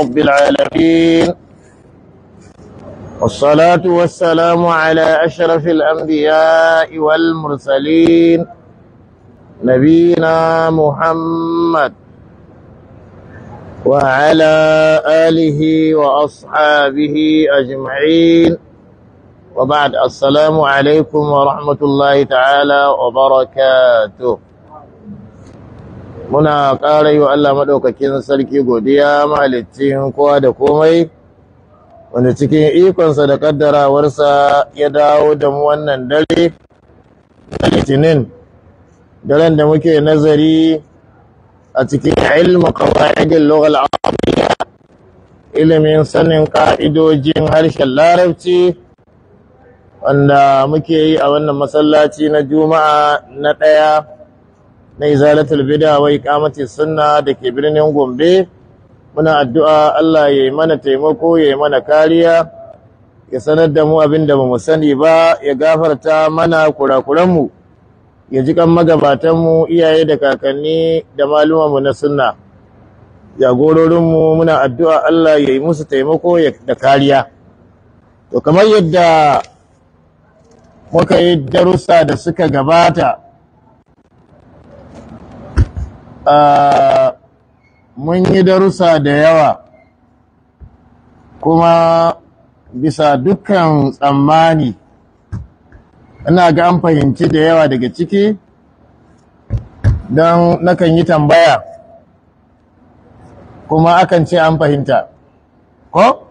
رب العالمين والصلاة والسلام على أشرف الأنبياء والمرسلين نبينا محمد وعلى آله وأصحابه أجمعين وبعد السلام عليكم ورحمة الله تعالى وبركاته muna ƙara yi wa Allah maɗaukakin sarki godiya mahalicin kowa da komai wanda cikin ikonsa da ƙaddarawarsa ya dawo da mu wannan dare da litinin daren da muke nazari a cikin lokal kawai'idin lughal arabiyya ilimin sanin ƙa'idojin harshen larabci wanda muke yi a wannan masallaci na juma'a na ɗaya na izalatul bid'a wa iqamati sunna da ke birnin Gombe muna addu'a Allah ya yi mana taimako ya yi mana kariya ya sanar da mu abin da bamu sani ba ya gafarta mana kurakuran mu ya ji kan magabatan mu iyaye da kakanni da maluman mu na sunna jagororin mu muna addu'a Allah ya yi musu taimako da kariya to kamar yadda muka yi darussa da suka gabata Ah, mun yi darussa da yawa kuma bisa dukkan tsammani ina ga an fahimci da yawa daga ciki don nakan yi tambaya kuma akan ce an fahimta ko?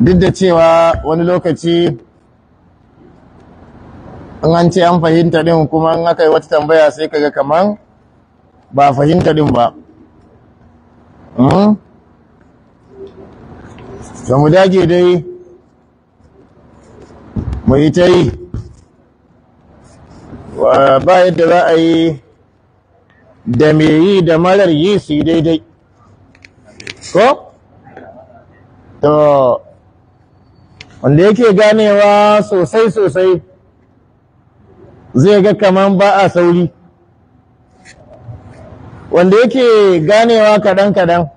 duk da cewa wani lokaci in an ce an fahimta din kuma in aka yi wata tambaya sai kaga kamar ba fahimta din ba hmm? ta mu dage dai mu yi ta yi ba yadda za a yi da me yi da marar yi su yi daidai ko? wanda yake ganewa sosai sosai zai ga kaman ba a sauri wanda yake ganewa kaɗan kaɗan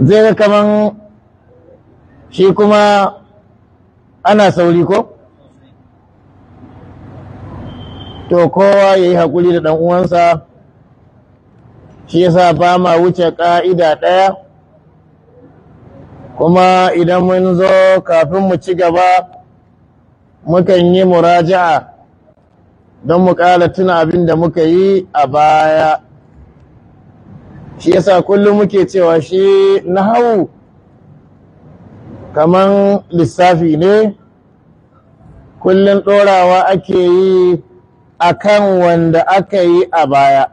zai ga kaman shi kuma ana sauri ko? to kowa ya yi haƙuri da ɗan'uwansa shi yasa ba ma wuce ƙa'ida ɗaya kuma idan mun zo kafin mu ci gaba mukan yi muraja'a don mu ƙara tuna abin da muka yi a baya shi yasa kullum muke cewa shi na hawu. kaman lissafi ne kullum ɗorawa ake yi a kan wanda aka yi a baya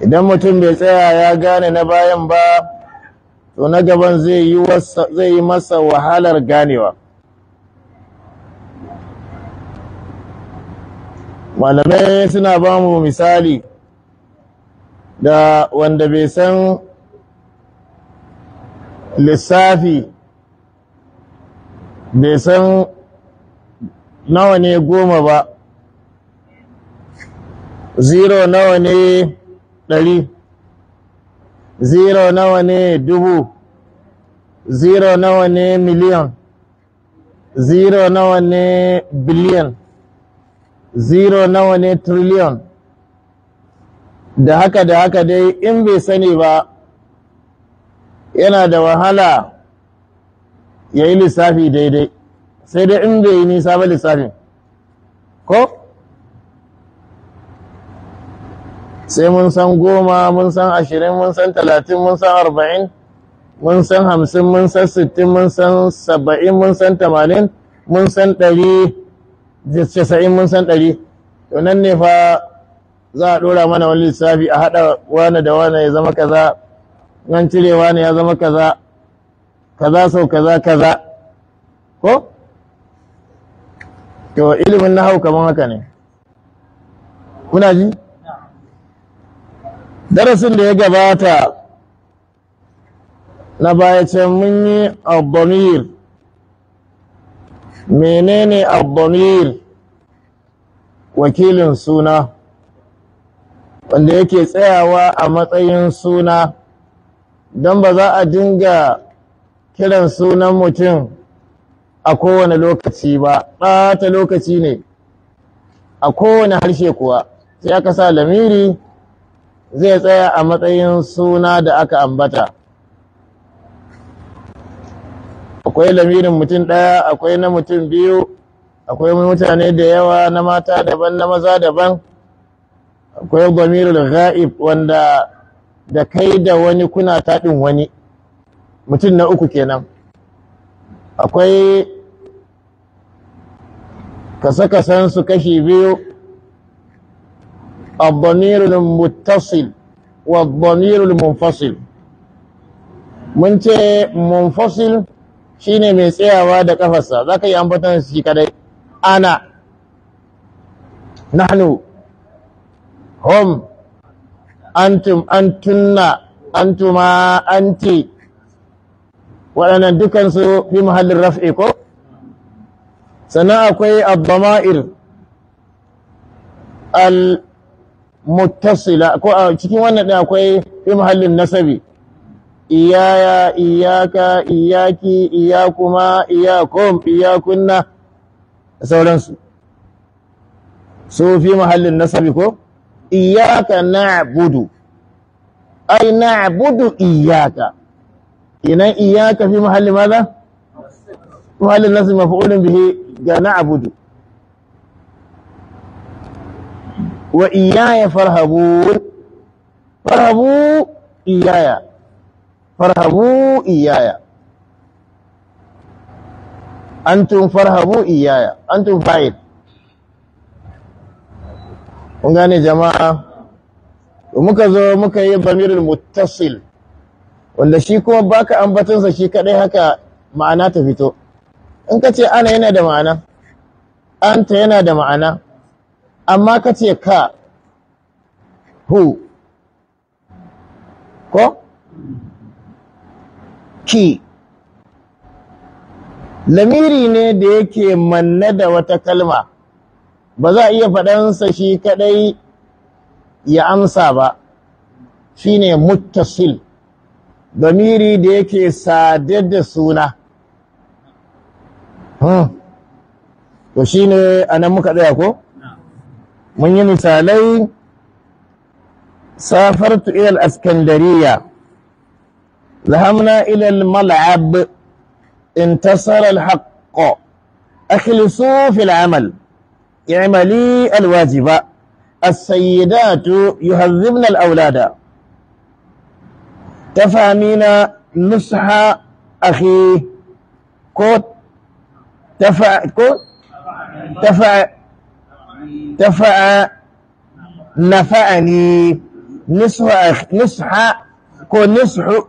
idan mutum bai tsaya ya gane na bayan ba to na gaban zai yi masa wahalar ganewa malamai suna ba mu misali da wanda bai san lissafi bai san nawa ne goma ba zero nawa ne ɗari zero nawa ne dubu zero nawa ne miliyan zero nawa ne biliyan zero nawa ne triliyan da haka da haka dai in bai sani ba yana da wahala ya yi lissafi daidai sai dai in bai yi nisa ba lissafin ko? sai mun san goma mun san ashirin mun san talatin mun san arba'in mun san hamsin mun san sittin mun san saba'in mun san tamanin mun san ɗari casa'in mun san ɗari to nan ne fa za a ɗora mana wani lissafi a haɗa wane da wane ya zama kaza nan cirewa ne ya zama kaza kaza sau kaza kaza ko to ilimin na hau kamar haka ne kuna ji darasin da ya gabata na bayacin mun yi abdonir menene abdomir wakilin suna wanda yake tsayawa a matsayin suna don ba za a dinga kiran sunan mutum a kowane lokaci ba ɓata lokaci ne a kowane harshe kuwa sai aka sa lamiri zai tsaya a matsayin suna da aka ambata akwai lamirin mutum ɗaya akwai na mutum biyu akwai mutane da yawa na mata daban na maza daban akwai gwamirin ra'ib wanda da kai da wani kuna taɗin wani mutum na uku kenan akwai kasa-kasansu kashi biyu الضمير المتصل والضمير mun ce munfasil shine mai tsayawa da ƙafarsa, za ka yi ambatan shi kadai ana nahnu hum antum antunna antuma anti waɗannan dukansu bi muhallin raf'i ko sannan akwai abdama'ir al muttasila ko a cikin wannan ɗin akwai fi muhallin nasabi iyaya iyaka iyaki iyakuma iyakum iyakunna sauransu su fi mahallin nasabi ko iyaka na'budu ai na'budu iyaka Ina iyaka fi mahallin maza mahallin nasabi maf'ulun bihi ga na'budu wa iyaya farhabu, farhabu iyaya farhabu iyaya antum farhabu iyaya antum fa'il kun gane jama'a muka zo muka yi bamirul muttasil wanda shi kuma baka ambatonsa shi kadai haka ma'ana ta fito in ka ce ana yana da ma'ana anta yana da ma'ana amma ka ce ka hu ko ki lamiri ne da yake manne da wata kalma ba za a iya faɗansa shi kaɗai ya amsa ba shine muttasil lamiri da yake sade da suna hmm. to shi ne a nan muka tsaya ko من yi سافرت إلى الأسكندرية ذهبنا إلى الملعب انتصر الحق اخلصوا في العمل اعملي الواجب السيدات يهذبن الاولاد تفهمين نصح اخي كوت تفع كوت تفع dafa'a nafa'ani nisha ko nishu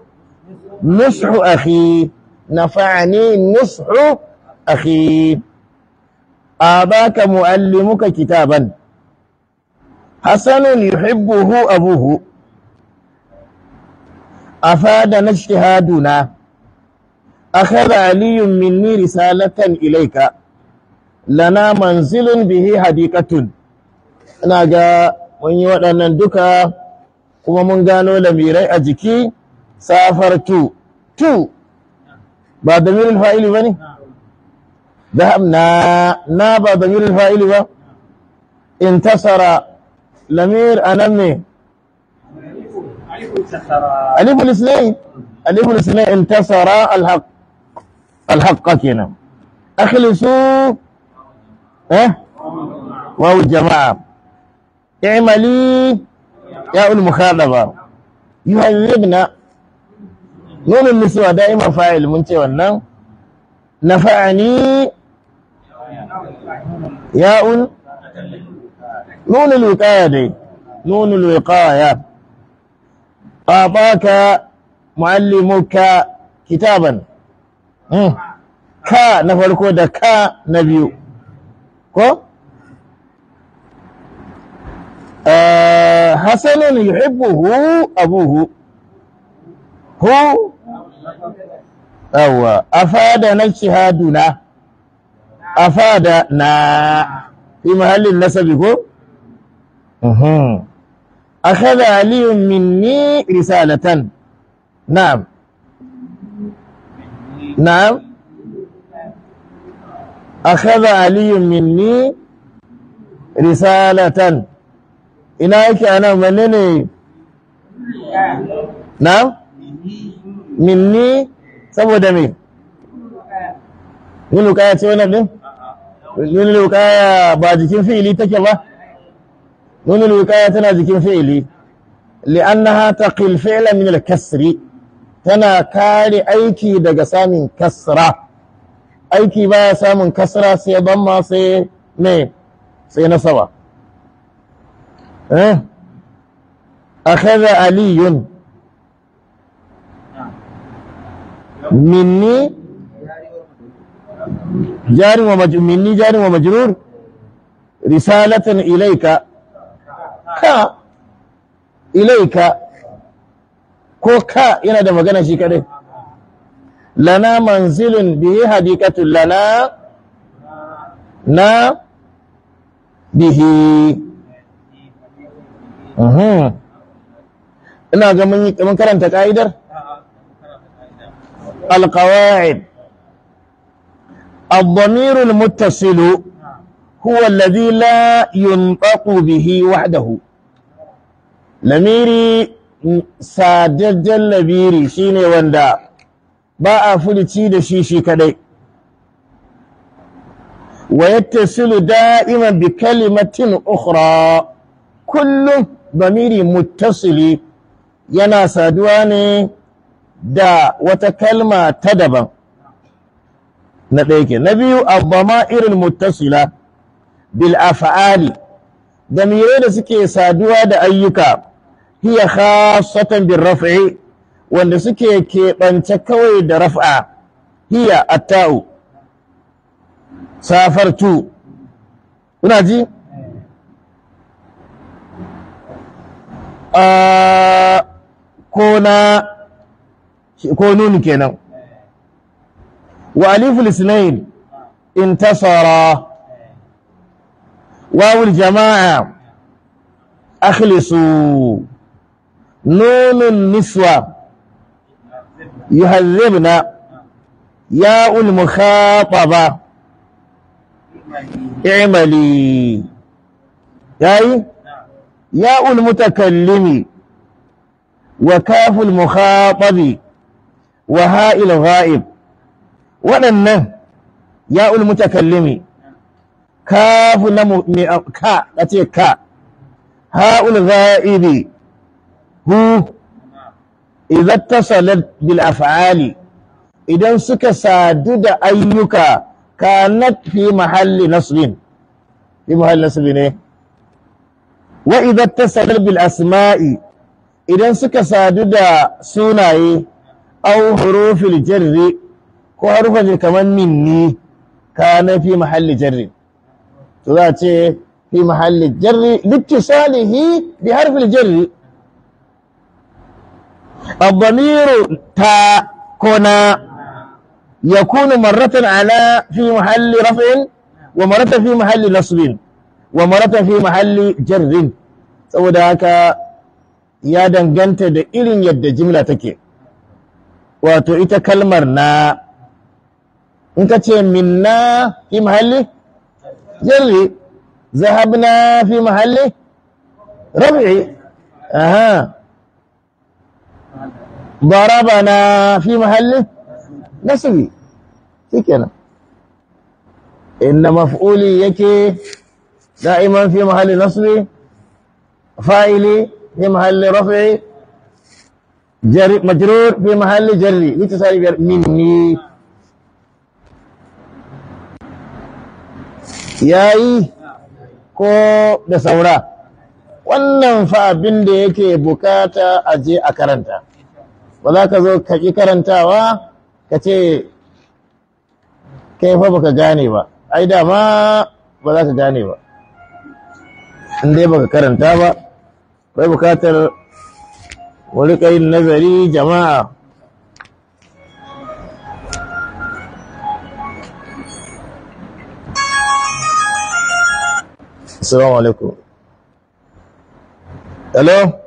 nishu akhi nafa'ani nishu akhi abaka muallimuka kitaban hasanun yuhibbuhu abuhu afadana ijtihaduna akhadha Aliyu minni risalatan Ilaika. lana manzilin bihi hadikatun ina ga mun yi waɗannan duka kuma mun gano lamirai a jiki safar tu tu ba da mirin fa’ili ba ne? na ba da mirin fa’ili ba in tasara lamir a nan ne alifulis ne in tasara alhaƙa kenan akhlisu eh wawu jama'a i'mali ya'ul mukhadaba yuhayyibna nunun niswa da'iman fa'il mun ce wannan nafa'ani ya'un nunul wiqaya dai nunul wiqaya ataka muallimuka kitaban hmm. ka na farko da ka na biyu حسن يحبه أبوه هو أو أفادنا افاد نا في محل النسب هو أخذ علي مني رسالة نعم نعم akhadha aliyun minni risalatan ina yake anan wanne ne na minni saboda me yin lukaya ce wannan din yin lukaya ba jikin fi'ili take ba yin lukaya tana jikin fi'ili li'annaha taqil fi'la min al-kasri tana kare aiki daga samin kasra aiki ba ya samun kasra sai ban sai ne sai nasaba A eh? akhadha aliyun minni jarin wa minni jari wa risalatan ilaika ka ilaika ko ka yana da magana shi kadai lana manzilin bihi hadikatun lana na bihi mhm. ina ga mun karanta ka'idar alkawa'id الضمير المتصل هو الذي لا ينطق به وحده lamiri mm, sadajen labiri shine wanda ba a fulici da shi shi kadai wa yattasilu da'iman bi kalimatin ukhra kullum bamiri muttasili yana saduwa ne da wata kalma ta daban na ɗaya ke na biyu abama irin muttasila bil af'ali da da suke saduwa da ayyuka hiya khasatan bil raf'i wanda suke keɓance kawai da raf'a hiya atta'u safartu kuna ji ko na ko nuni kenan wa aliful isnain intasara wawul jama'a akhlisu nunun niswa yuhazzibna ya ulmukhataba i'mali yayi ya ulmutakallimi wa kaful mukhatabi wa ha'il ghaib waɗannan ya ulmutakallimi kafu na ka a ce ka ha'ul za'ibi hu idza tasalat bil af'ali idan suka sadu da ayyuka kanat fi mahalli nasbin fi mahalli nasbi ne wa idza tasalat bil asma'i idan suka sadu da sunaye aw hurufil jarri ko harufan kaman minni kana fi mahalli jarri to za a الضمير تا كنا يكون مرة على في محل رفع ومرة في محل نصب ومرة في محل جر saboda haka ya danganta da irin yadda jimla take wato ita kalmar na in ka ce minna fi mahalli jirri zahabna fi mahalli rabi'i aha ضربنا في محله نسبي شikenan inna maf'uli yake da'iman fi mahalli nasbi fa'ili fi mahalli raf'i jari majrur fi mahalli jarri litasari bi minni yayi ko da saura wannan fa abin da yake bukata a je a karanta ba za ka zo ka ƙi karantawa ka ce kai fa baka gane ba ai da ma ba za ka gane ba in dai baka karanta ba bai bukatar wani ƙayin nazari jama'a assalamu alaikum hello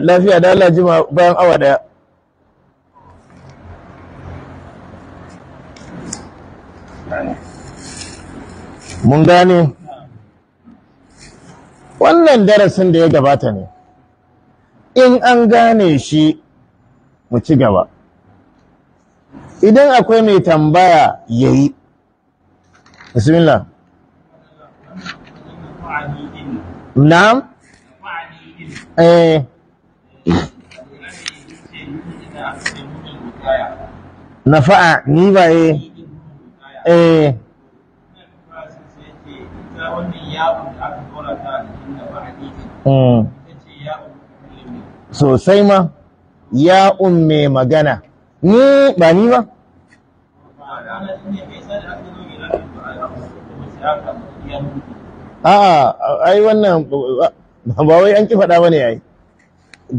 lafiya da Allah jima bayan awa daya mun gane wannan darasin da ya gabata ne in an gane shi mu ci gaba idan akwai mai tambaya yayi bismillah na'am eh nafa'a ni ba eh. Eh. Hmm. sosai ma ya umme magana ni ba ni ba a'a ai wannan ba wai an ki faɗa bane ai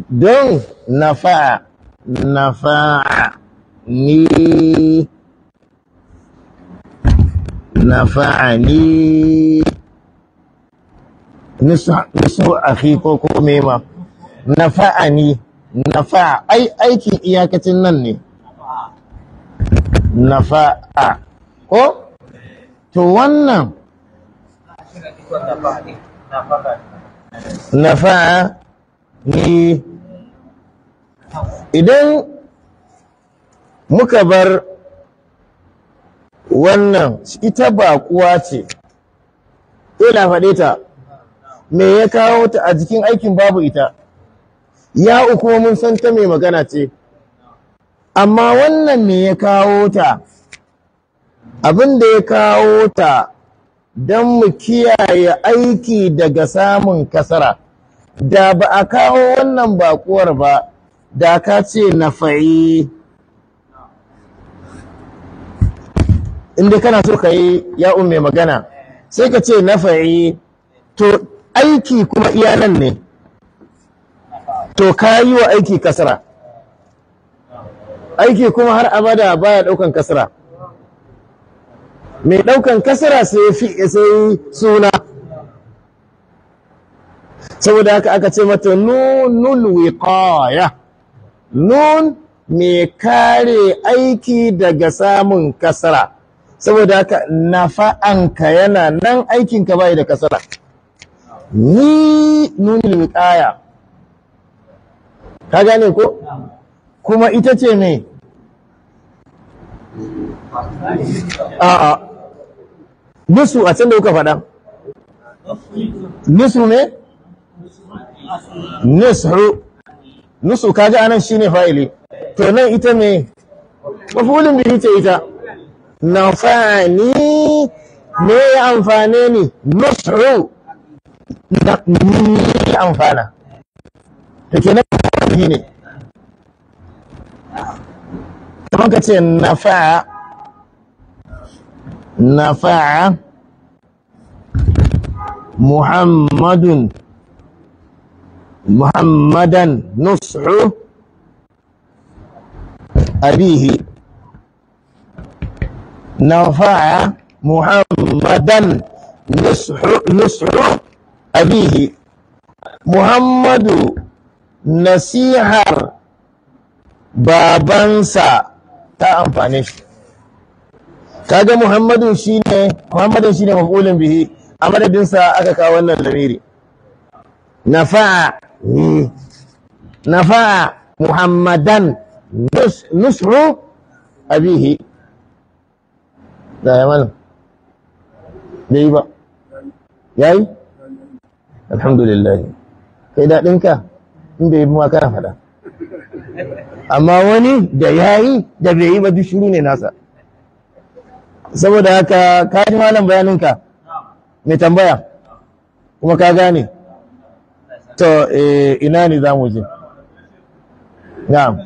don nafa'a nafa'a ni nafa'ani nisu a ko ko mema nafa'ani nafa'a ai aikin iyakacin nan ne nafa'a ko to wannan nafa'a ni idan muka bar wannan ita kuwa ce ina eh, faɗe me ya kawo ta a jikin aikin babu ita ya uku mun san ta mai magana ce amma wannan me ya kawo ta abin da ya kawo ta don mu kiyaye aiki daga samun kasara da ba a kawo wannan bakuwar ba da ka ce na fa'i inda kana so ka yi ya'un mai magana sai ka ce na fa'i to aiki kuma iyanan ne to ka yi wa aiki kasara aiki kuma har abada baya daukan kasara mai ɗaukan kasara sai fi sai suna saboda haka aka ce mata nunul wiqaya nun mai kare aiki daga samun kasara saboda haka nafa'anka yana nan aikinka bai da kasara ni nunul wiqaya ka gane ko kuma ita ce me. a'a nisu a can da kuka faɗa nisu ne nisu ka kaga anan shine fa'ili to nan ita ne. mafulin bihi ce ita fa’ani me ya amfane ni nisu da ni amfana to kenan ne kamar ka ce fa'a. nafa'a muhammadun muhammadan nus'u abihi muhammadu nasihar babansa ta amfani kaga Muhammadu shine muhammadun shine maf'ulun bihi a madadin sa aka kawo wannan lamiri nafa'a nafa'a muhammadan nusru abihi da ya mana bai ba yayi alhamdulillah kai dadinka in bai ma kana faɗa. amma wani da yayi da bai yi ba duk shuru ne nasa saboda haka ka ji malam bayaninka mai tambaya kuma ka gane to eh, ina ne za mu je na'am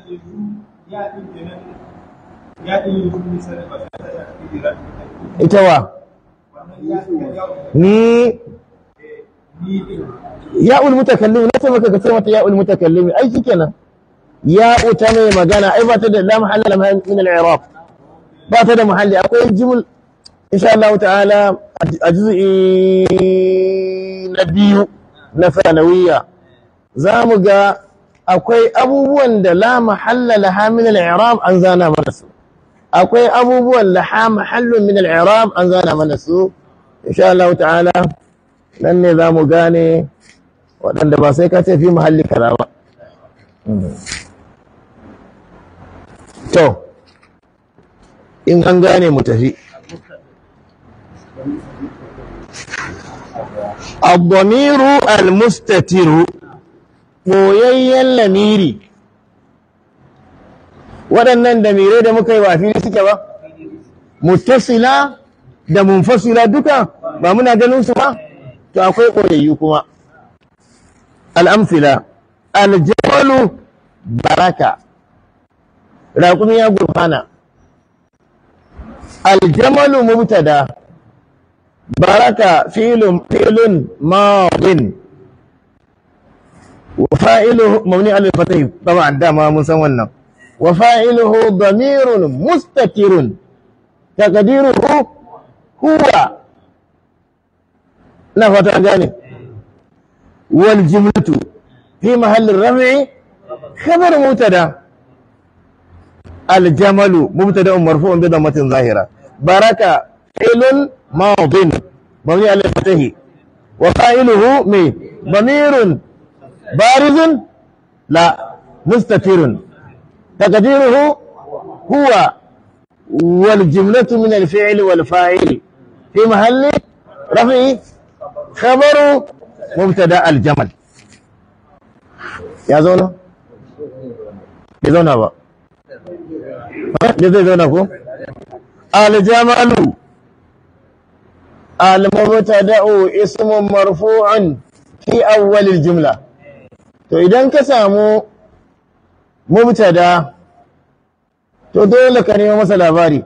ita wa ni ya ulmutakallim na taimaka ka ce mata ya ulmutakallim ai shikenan ya uta mai magana ai ba ta da lam halal min al-iraq ba ta da muhalli akwai jimul insha Allah ta'ala a juz'i na biyu na sanawiya za mu ga akwai abubuwan da la mahalla la hamil al-i'rab an zana mana su akwai abubuwan ha mahallun min al-i'rab an zana mana su insha Allah ta'ala nan ne za mu gane waɗanda ba sai ka ce fi muhalli kaza ba hmm. to in an gane mu tafi abdamiru almustatiru boyayyen lamiri waɗannan damirai da muka yi ba fili suke ba mutasila da munfasila duka ba muna ganin su ba to akwai koyayyu kuma al'amfila aljawalu baraka raƙumi ya gurfana aljamalu mubtada baraka filun filun madin وفاعله مبني على الفتح طبعا ده ما مسمى وفاعله ضمير مستتر تقديره هو لا فتح جانب والجملة في محل الرفع خبر مبتدا aljamalu mubtada'un marfu'un bi dhammatin zahira baraka fi'lun madin mabni ala fatahi wa fa'iluhu mi damirun barizun la mustatirun taqdiruhu huwa wal jumlatu min al fi'li wal fa'il fi mahalli rafi khabaru mubtada al jamal ya zauna ya zauna ba ne eh, zai zauna ko aljamalu almubtada'u ismun fi awwalil jumla to idan ka samu mubtada to dole ka nemo masa labari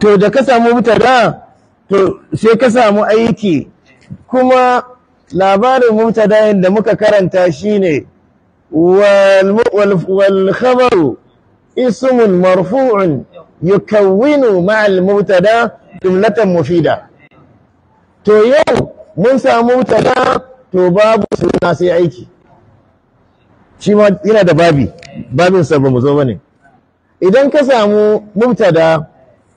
to da ka samu mubtada to sai ka samu aiki kuma labarin mubtada da muka karanta shine والخبر اسم مرفوع يكون مع المبتدا جمله مفيده to yau mun samu مبتدا تو babu suna sai aiki shi yana da babi babin ba mu zo idan ka samu mubtada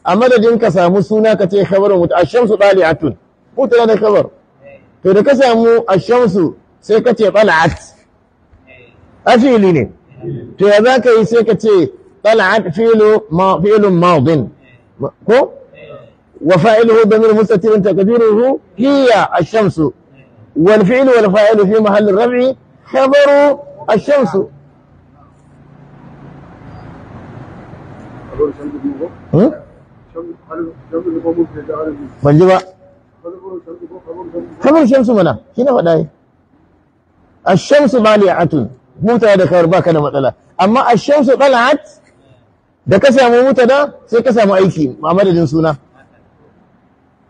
a madadin ka samu suna ka ce khabaru mut ashamsu tali'atun mubtada da khabar to da ka samu ashamsu sai ka ce a fili ne to ya za ka yi sai ka ce ɗal'ad filin maudin ko wa fa’iluhu da mil musattirin a shamsu wal fili wal fa’ilu fi a shamsu hmm? ban ji ba kamar shamsu mana shi na faɗa a shamsu mutawa da kawar baka da matsala amma a shamsu talat da ka samu mutada sai ka samu aiki a madadin suna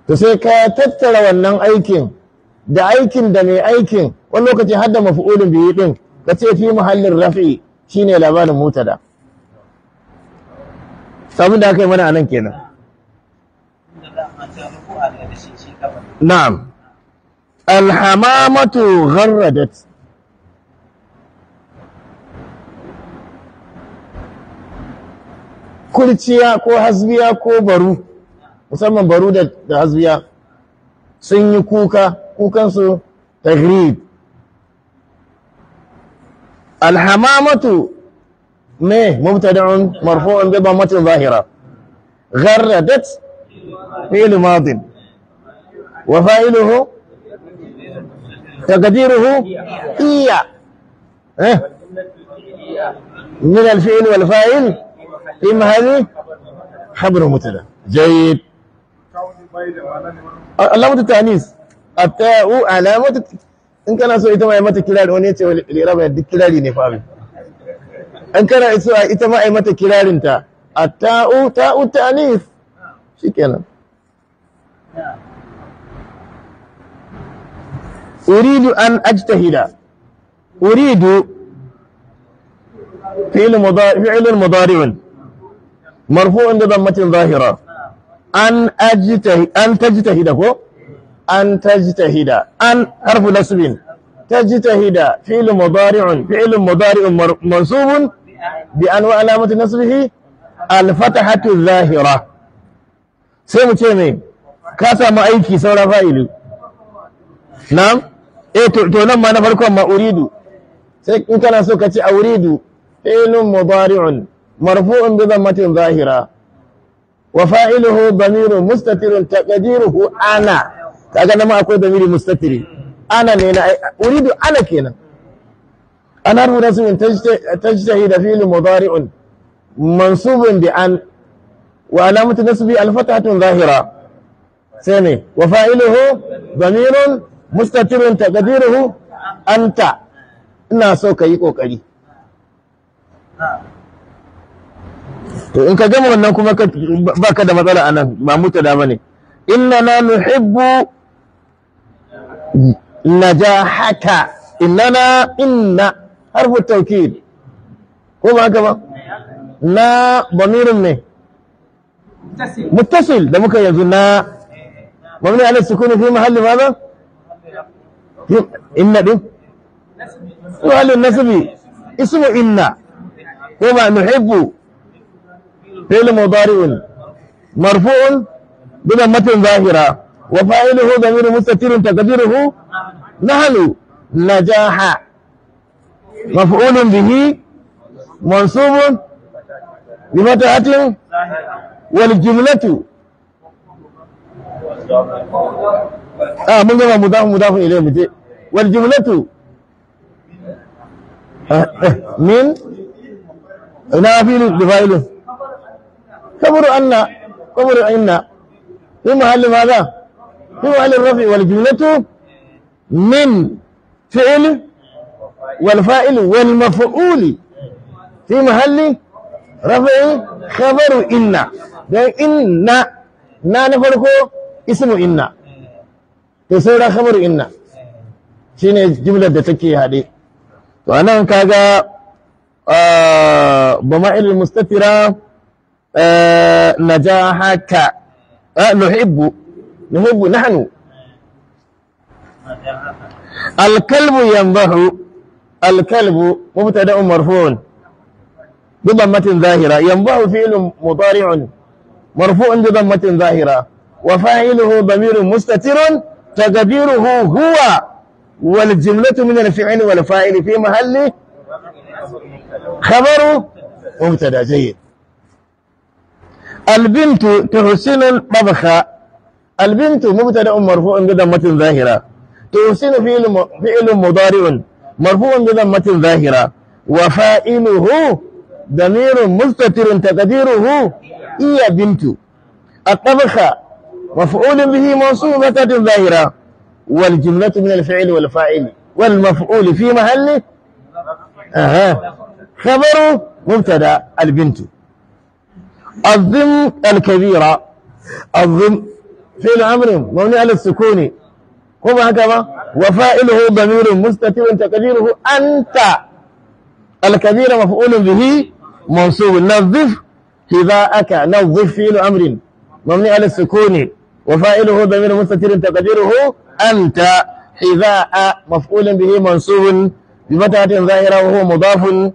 to sai ka tattara wannan aikin da aikin da mai aikin wani lokaci har da mafi'ulin biyu din ka ce fi muhallin rafi shine labarin mutada sabon da aka yi mana anan kenan na'am alhamamatu gharradat kurciya ko hasbiya ko baru musamman baru da hasbiya sun yi kuka kukansu taghrib alhamamatu me mubtada'un marfu'un bi dhammatin zahira gharradat fi'l madin wa fa'iluhu تقديره iya, إيه؟ من الفعل والفاعل إما هذه حبر جيد علامة التاء علامة ma ai mata kirari wani yace lera bai duk kirari ne fa ta at-ta'u ta'u an marfu'un da dammatin zahira an taji ta hida ko an hida an harfu ta hida filin mudari'un filin mudari'un mansubun bi an wa alamatu nasbihi alfata hatu zahira sai mu ce mai ka samu aiki saura fa'ili na? e eh, to nan ma na farkon ma’uridu sai in kana so ka ce wuridu filin mudari'un marfu'un bi zammatin zahira wa fa'iluhu damiru mustatirun taqdiruhu ana kaga rubuta su da fi'il mudari'un mansubun zahira sai ne anta ina so kai kokari to in ka gama wannan kuma ba ka da matsala a nan ba mutu dama ne inna na nuhibbu haka. inna na inna harfu taukid ko ba haka ba na bamirin ne muttasil da muka yanzu na mamni ala sukuni fi mahalli ma ba inna din su halin nasibi ismu inna ko ba nuhibbu فعل مضارع مرفوع بضمة ظاهرة وفاعله ضمير مستتر تقديره نهل نجاح مفعول به منصوب بفتحة والجملة آه من جمع مضاف مضاف إليه مجي والجملة آه،, آه من نافل بفاعله خبر أن خبر أن في محل ماذا في محل الرفع والجملة من فعل والفائل والمفعول في محل رفع خبر إن إن إن نا نفرقه اسم إن تسيرا خبر إن شين جملة da هذه وأنا كذا anan kaga ba نجاحك آه، نحب نحب نحن الكلب ينبه الكلب مبتدا مرفوع بضمة ظاهرة ينبه فعل مضارع مرفوع بضمة ظاهرة وفاعله ضمير مستتر تقديره هو والجملة من الفعل والفاعل في محل خبر مبتدا جيد البنت تحسين الطبخ البنت مبتدا مرفوع بضمة ظاهرة تحسين فعل فعل مضارع مرفوع بضمة ظاهرة وفاعله ضمير مستتر تقديره هي بنت الطبخ مفعول به منصوب بضمة ظاهرة والجملة من الفعل والفاعل والمفعول في محله أها خبر مبتدا البنت الذم الكبيرة الذم في الأمر مبني على السكون كما هكذا وفائله ضمير مستتر تقديره أنت الكبير مفعول به منصوب نظف حذاءك نظف فعل أمر مبني على السكون وفائله ضمير مستتر تقديره أنت حذاء مفعول به منصوب بمتعة ظاهرة وهو مضاف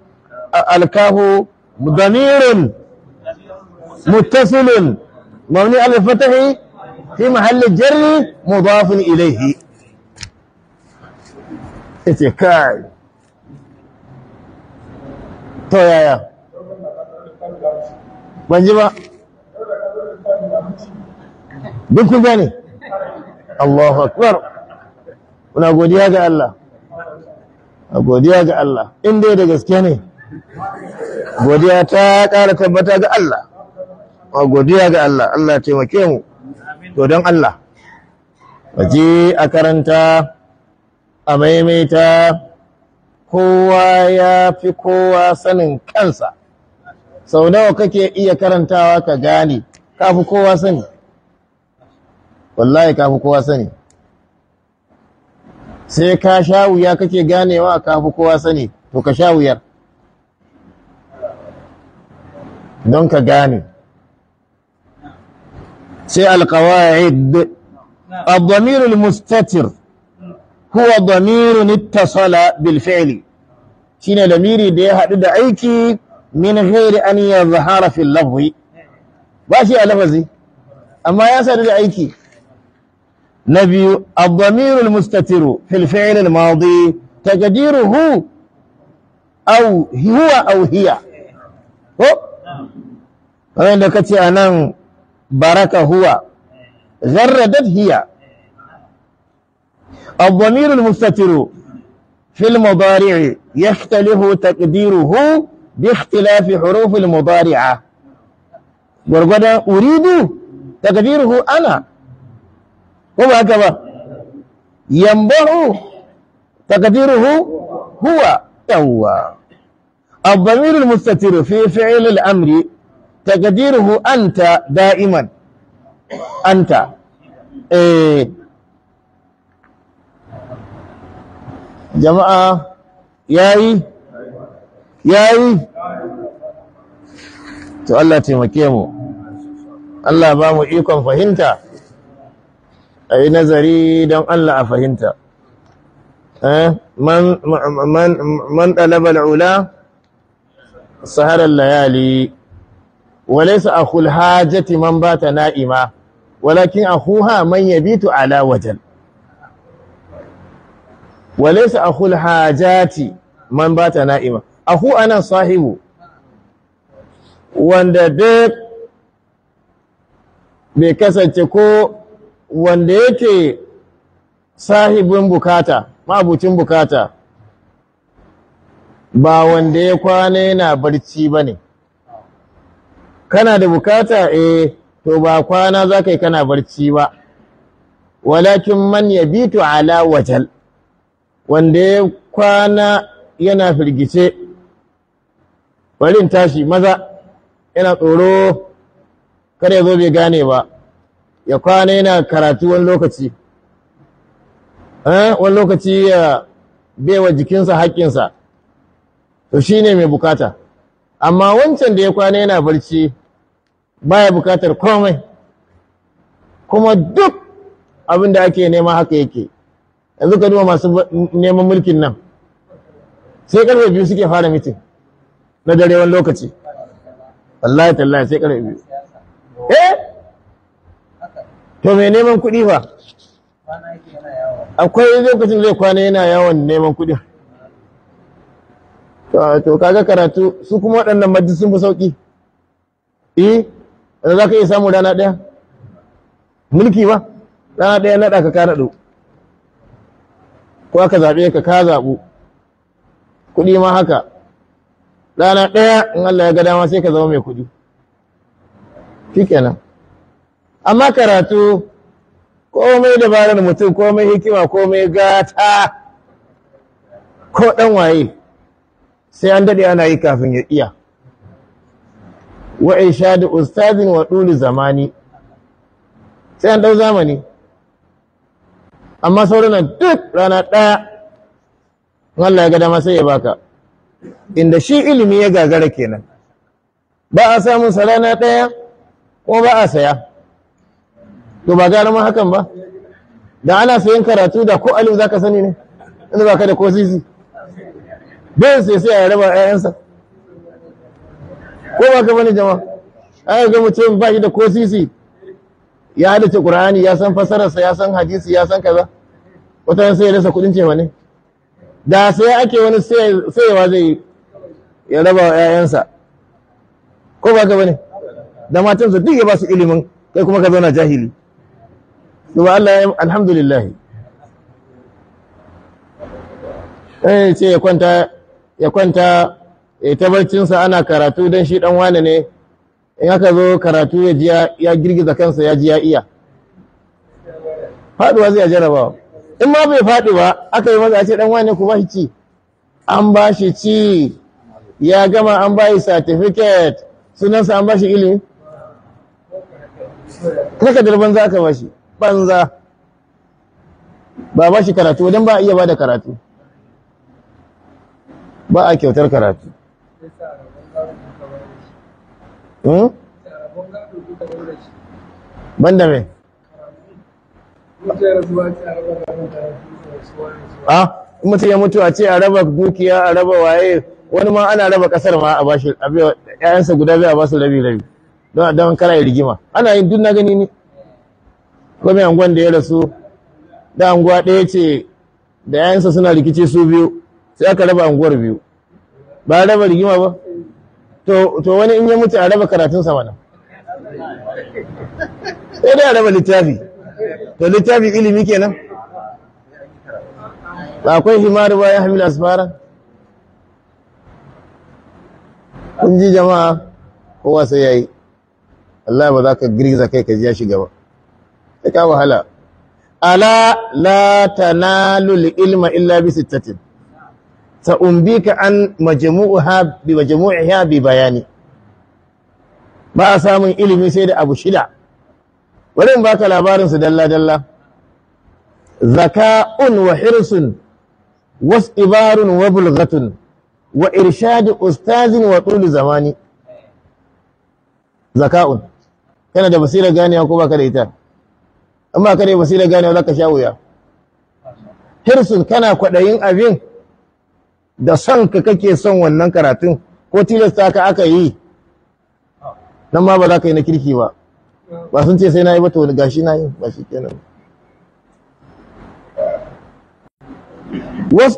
الكاف ضمير متصل مبني على الفتح في محل الجر مضاف إليه اتكاعي to yaya ban ji ba duk kun Allahu godiya ga Allah a godiya ga Allah in dai da gaske ne godiya ta ƙara tabbata ga Allah wa godiya ga Allah Allah taimake mu to don Allah waje a karanta a maimaita kowa ya fi kowa sanin kansa sau nawa kake iya karantawa ka gane kafi kowa sani wallahi kafi kowa sani sai ka sha wuya kake ganewa kafi kowa sani to ka sha wuyar don ka gane sai alqawaid الضمير المستتر هو ضمير اتصل بالفعل شين ضميري ده حدد ايكي min ghairi anyar yadhhara fil ba shi a lafazi amma ya sadu da aiki na biyu ad-damir al-mustatir fil fi'l al-madi taqdiruhu aw huwa aw بارك هو غردت هي الضمير المستتر في المضارع يختلف تقديره باختلاف حروف المضارعة gwargwadon أريد تقديره أنا ana ko ba تقديره هو yambahu الضمير المستتر في فعل الأمر taqdiruhu anta da'iman anta eh jama'a yayi yayi to Allah taimake mu Allah ba mu ikon fahimta a yi nazari don Allah a fahimta man ɗalabar ula saharar layali وليس أخو hajati man bata na'ima ولكن أخوها man يبيت ala وجل وليس أخو hajati man bata na'ima أخو anan صاحب wanda duk bai kasance ko wanda yake sahibin bukata mabucin bukata ba wanda ya kwana yana barci ba ne kana da bukata eh to ba kwana za ka yi kana barci ba walakin man ya yabitu ala wajal wanda ya kwana yana firgice barin tashi maza yana tsoro kada ya zo bai gane ba ya kwana yana karatu wani lokaci eh, wani lokaci ya baiwa jikinsa haƙƙinsa to shi ne mai bukata amma wancan da ya kwana yana barci baya bukatar komai kuma duk abin da ake nema haka yake yanzu ka duba masu neman mulkin nan sai karfe biyu suke fara mitin na dare wani lokaci wallahi tallahi sai karfe biyu eh to mai neman kuɗi fa akwai lokacin zai kwana yana yawon neman kuɗi Ah, to kaga karatu su kuma waɗannan majlis sun fi sauƙi? eh da za ka iya samu rana ɗaya mulki ba rana ɗaya naɗa ka kana ɗo ko aka zaɓe ka ka zaɓu kuɗi ma haka rana ɗaya in Allah ya ga dama sai ka zama mai kuɗi kenan amma karatu komai dabarar mutum komai hikima komai gata ko ɗan waye sai an daɗe ana yi kafin ya iya wa sha da ustazin wa ɗuli zamani sai an ɗau zamani amma sauran duk rana ɗaya. wanda ya ga dama sai ya baka inda shi ilimi ya gagara kenan ba a samun sa rana daya ko ba a saya to ba gara hakan ba da ana sayan karatu da ko za zaka sani ne in ba ka da ko sisi bai sai sai ya raba ƴaƴansa ko ba ka bane jama'a ai ga mutum ba shi da ko sisi ya halitta qur'ani ya san fasararsa ya san hadisi ya san kaza wata sai ya rasa kudin cewa ne da sai ake wani sayewa zai ya raba ƴaƴansa ko ba ka bane da matansa duk ya ba su ilimin kai kuma ka zauna jahili Duba Allah ya alhamdulillah eh ce ya kwanta ya kwanta ya ta barcinsa ana karatu don shi dan wane ne in aka zo karatu ya ji ya girgiza kansa ya ji ya iya faduwa zai jarabawa in ma bai fadi ba aka yi maza ce dan wane ku ba shi ci an ba shi ci ya gama an ba shi certificate sunansa an ba shi ilimi kaka dar za ka ba shi banza ba ba shi karatu wajen ba a iya ba da karatu ba a kyautar karatu hmm? banda me a ah, mutum ya mutu a ce a raba dukiya a raba waye wani ma ana raba kasar ma a bashi ‘ya’yansa guda biya a basu rabi rabi don don kara rigima ana yin duk na gani ne ko mai angon da ya rasu da anguwa ɗaya ce da yayansa suna rikici su biyu sai aka raba anguwar biyu ba raba rigima ba to wani in ya mutu a raba karatunsa wani? sai da a raba littafi to littafi ilimi kenan akwai himar ba ya hamil asfara kun ji jama'a kowa sai ya yi Allah ba za ka girgiza kai ka ji ya shiga ba ta ka wahala ala la ta tanalul ilma illa bi sittatin sa'umbika an majmu'uha bi majmu'iha bi bayani ba a samun ilimi sai da abu shida wurin baka labarin su dalla dalla zaka'un wa hirsun was'ibarun wa bulghatun wa irshadu ustazin wa tulu zamani zaka'un kana da basira gane ko baka da ita amma ka da basira gane zaka sha wuya hirsun kana kwadayin abin da son ka kake son wannan karatun ko tilasta ka aka yi nan ma ba za ka yi na kirki ba ba sun ce sai na yi ba to gashi na yi ba shi kenan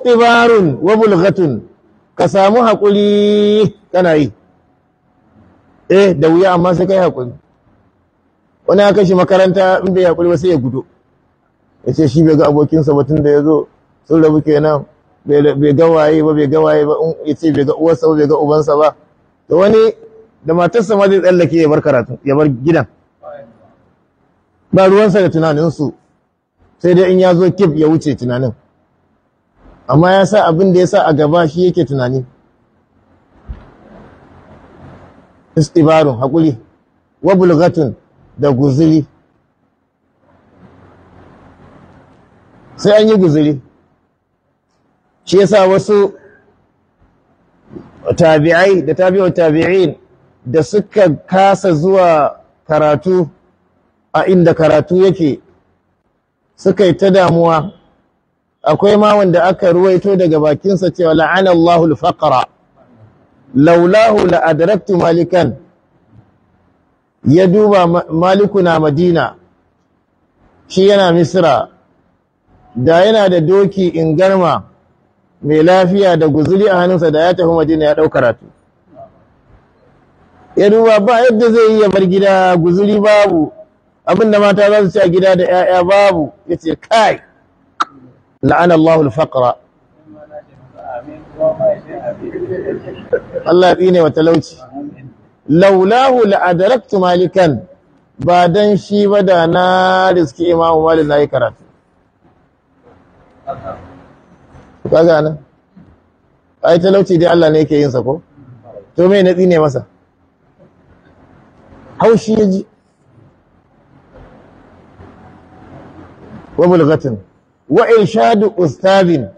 tibarun wa bulgatun ka samu haƙuri kana yi eh da wuya amma sai kai haƙuri wani ya kashi makaranta in bai haƙuri ba sai ya gudu ya ce shi bai ga abokinsa ba da ya zo sun rabu kenan bai ga waye ba bai ga waye ba in yace bai ga uwarsa ba bai ga ubansa ba to wani da matarsa ma zai tsallake ya bar karatu ya bar gidan ba ruwansa da tunaninsu sai dai in ya zo kif ya wuce tunanin amma ya sa abin da ya sa a gaba shi yake tunani istibarun hakuri. wa bulgatun da guziri sai an yi guziri shi yasa wasu tabi'ai da tabi'un tabi'in da suka kasa zuwa karatu a inda karatu yake suka yi ta damuwa akwai ma wanda aka ruwaito daga bakinsa cewa la'ana Allahul faqra laulahu la malikan ya duba malikuna madina shi yana Misira. da yana da doki in garma mai lafiya da guzuri a hannunsa da ya tafi madina ya ɗau karatu ya duba ba yadda zai yi ya bar gida guzuri babu abin da mata za su ci a gida da 'ya'ya babu ya ce kai la'an Allah Allah ya ne wa talauci laulahu la'adaraktu malikan ba don shi ba da na riski imamu malik na yi karatu ka gane ai talauci dai Allah ne yake yin sa ko to me natsi ne masa haushi ya ji wa bulghatin wa irshad ustadin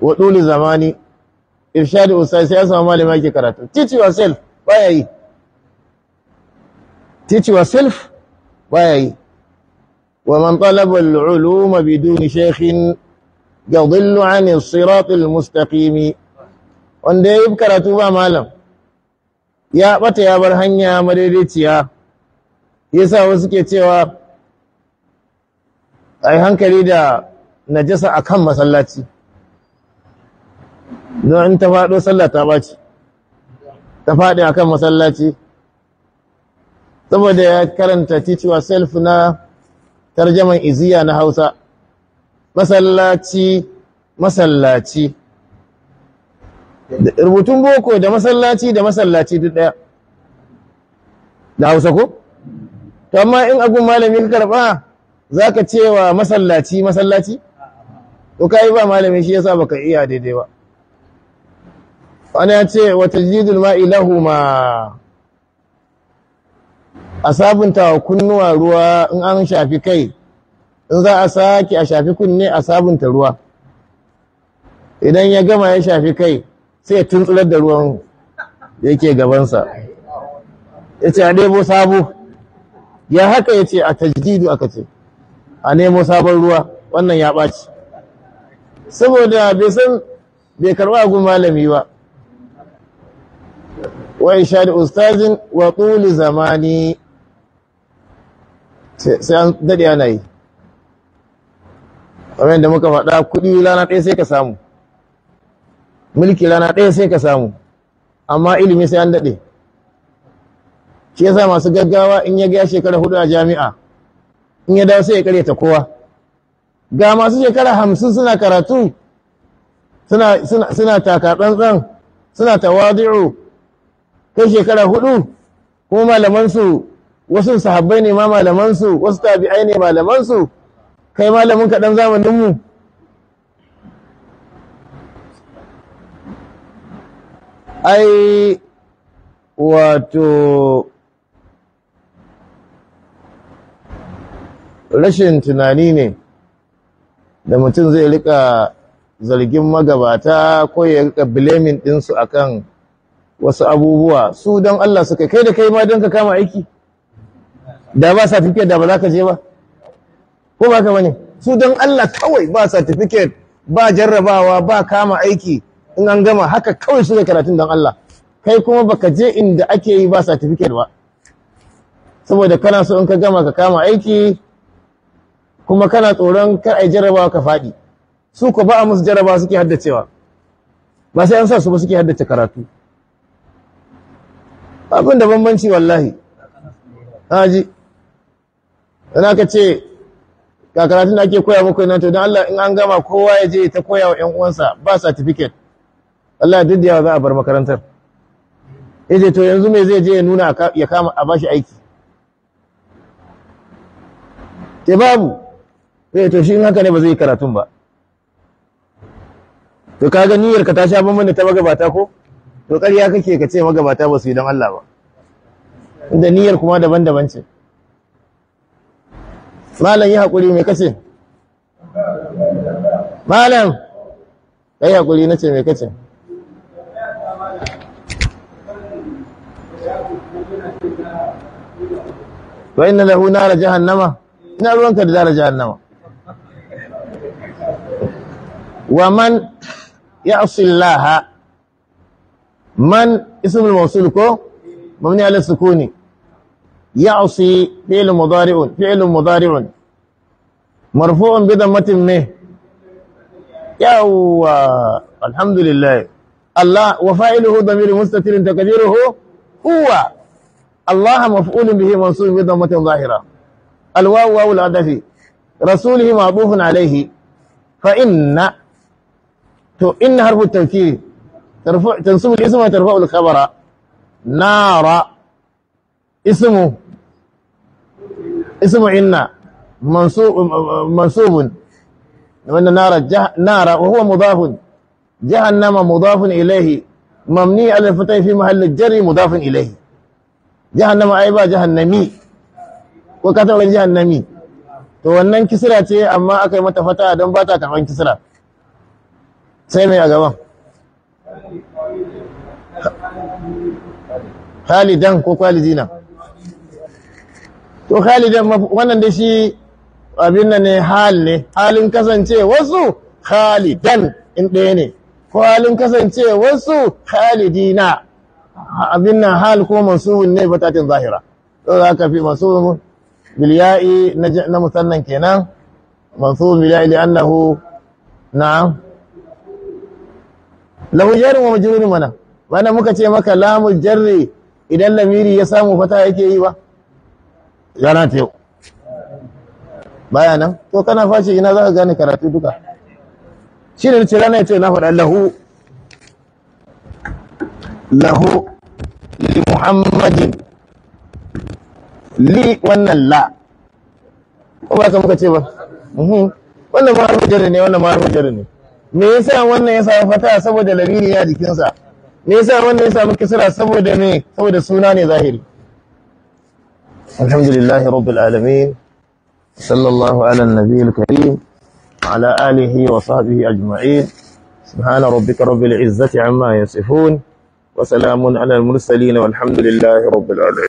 wa dole zamani irshad ustad sai asama malama yake karatu teach yourself baya yi teach yourself baya yi wa man talaba al ulum bidun shaykhin yadhillu anil siratil mustaqim wanda yayi karatu ba malam ya bata ya bar hanya madaidaiciya yasa wasu ke cewa ai hankali da najasa akan masallaci don in ta faɗo sallah ta baci ta faɗi akan masallaci saboda ya karanta teach self na tarjaman iziya na Hausa masallaci masallaci rubutun boko da masallaci da masallaci duk daya da hausa ko to amma in agun malami ka karba zaka cewa masallaci masallaci to kai ba malami shi yasa baka iya daidai ba ana ce wa tajdidul ilahu ma. a sabunta wa kunnuwa ruwa in an shafi kai in za a sake a shafi kunne a sabunta ruwa idan ya gama ya shafi kai sai ya tuntsular da ruwan yake gabansa ya ce a nemo sabo ya haka ya ce a tajdidu aka ce a nemo sabon ruwa wannan ya ɓaci saboda bai san bai karɓa gun malami ba wa isha da ustazin wa zamani sai an daɗe ana kamar da muka faɗa kuɗi rana ɗaya sai ka samu mulki rana ɗaya sai ka samu amma ilimi sai an daɗe shi yasa masu gaggawa in ya gaya shekara hudu a jami'a in ya dawo sai ya karyata kowa ga masu shekara hamsin suna karatu suna suna suna taka tsantsan suna tawadi'u kai shekara hudu ko malaman su wasu sahabbai ne ma malaman su wasu tabi'ai ne malamansu. kai malamin ka dan zamanin mu ai wato rashin tunani ne da mutum zai rika zargin magabata ko ya rika blamin ɗinsu akan wasu abubuwa su don Allah suka kai da kai ma don ka kama aiki da ba sa tafiya da ba za ka je ba ko ba ka bane su don Allah kawai ba certificate ba jarrabawa ba kama aiki in an gama haka kawai su ne karatun don Allah kai kuma baka je inda ake yi ba certificate ba saboda kana so in ka gama ka kama aiki kuma kana tsoron kar ai jarrabawa ka faɗi su ko ba a musu jarrabawa suke haddacewa ba sai an sa su ba suke haddace karatu abin da bambanci wallahi haji Ina ka ce ga karatun da ake koya muku nan don Allah in an gama kowa ya je ta koya wa ƴan uwansa ba certificate Allah duk da yawa za a bar makarantar yace to yanzu me zai je ya nuna ya kama a bashi aiki ke babu sai to shi in haka ne ba zai karatun ba to kaga niyyar ka ta sha ban da ta magabata ko to ƙarya kake ka ce magabata ba su yi don Allah ba da niyyar kuma daban-daban ce malam yi haƙuri mai kace malam kai haƙuri na ce mai kace wa ina lahu nara jahannama ina ruwanka da nara jahannama wa man ya Allah man isu mawsul ko mamni alisukuni يعصي فعل مضارع فعل مضارع مرفوع بضمة مه يو الحمد لله الله وفاعله ضمير مستتر تقديره هو الله مفعول به منصوب بضمة ظاهرة الواو واو الهدف رسوله معبوف عليه فإن تو إن حرف التوكيد ترفع تنصب الاسم وترفع الخبر نار اسمه اسم إن منصوب وأن نار جه نار وهو مضاف جهنم مضاف إليه ممني على الفتح في محل الجر مضاف إليه جهنم أيبا جهنمي وكتب جهنمي to wannan kisira ce amma aka yi mata fata don ba ta karɓar kisira sai mai a gaban halidan ko kwalidina to khalidan wannan da shi abin nan ne hal ne halin kasance wasu khalidan in ɗaya ne ko halin kasance wasu khalidina abin nan hal ko mansubun ne batatin zahira to za ka fi mansubun bilya'i na musannan kenan mansubun bilya'i annahu na'am lahu jarri wa majrurun mana wannan muka ce maka lamul jarri idan lamiri ya samu fata yake yi ba rana ta yau baya nan to kana fashi ina za ka gane karatu duka shi ne ce rana ya ce na faɗa lahu lahu li muhammadin li wannan la ko ba ka muka ce ba mhm. wannan ma hujjar ne wannan ma hujjar ne me yasa wannan ya samu fata saboda labiri ya jikinsa me yasa wannan ya samu kisra saboda me saboda suna ne zahiri الحمد لله رب العالمين صلى الله على النبي الكريم وعلى آله وصحبه أجمعين سبحان ربك رب العزة عما يصفون وسلام على المرسلين والحمد لله رب العالمين